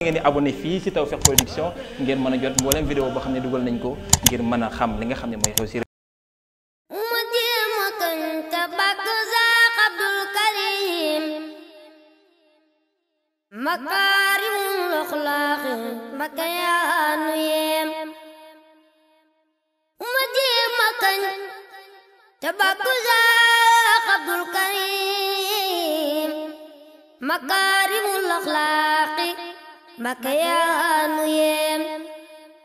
ngeen di abonné fii ngeen mën a jot mboolem vidéo boo xam ne dugal nañ ko ngir mën a xam li nga xam ne mooy xew ci makaarimul axlaaqi maka yaa nu uma jéema kañ te bàkku Seex Abdul makaarimul axlaaqi Mbakke yaa nu yem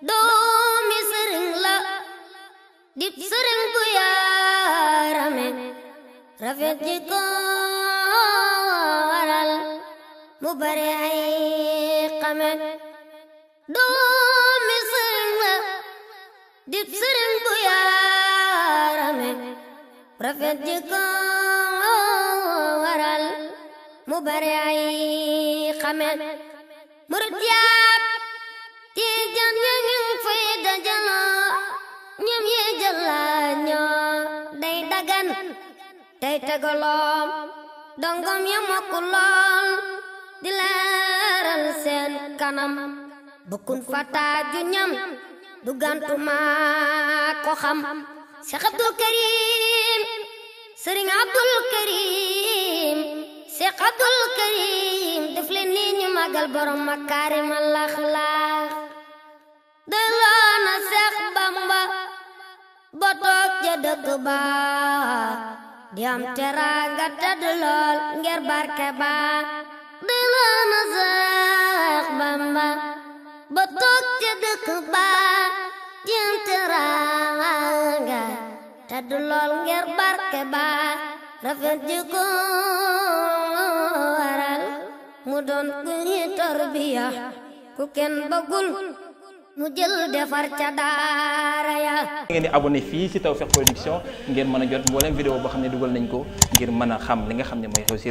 doomi sëriñ la di sëriñ bu yaarame rafet ji ko waral mu bare ay xame doomi sëriñ la di sëriñ bu yaarame rafet ji ko waral mu bare ay xame murid yaak tijaan ya ñu fay dajaloo ñoom yee jëlaa ñoo day dagan day tegaloom dongom ya mokku lool di leeral seen kanam bukkun fataa ju ñam du gantumaa ko xam Cheikh Abdul Karim Sëriñ Abdul Karim magal borom makaarimal axlaaq delloo na Seex Bamba ba toog ca dëkk ba di am teraanga tëdd lool ngir barke ba delloo na Seex Bamba ba toog ca dëkk ba di am teraanga tëdd lool ngir barke ba rafet jikko mu doon ku ñi tarbiya ku kenn bëggul mu jël defar ca daara ya ngeen di abonné fii ci Tawfekh Production ngeen mën a jot mboolem vidéo boo xam ne dugal nañ ko ngir mën a xam li nga xam ne mooy xew ci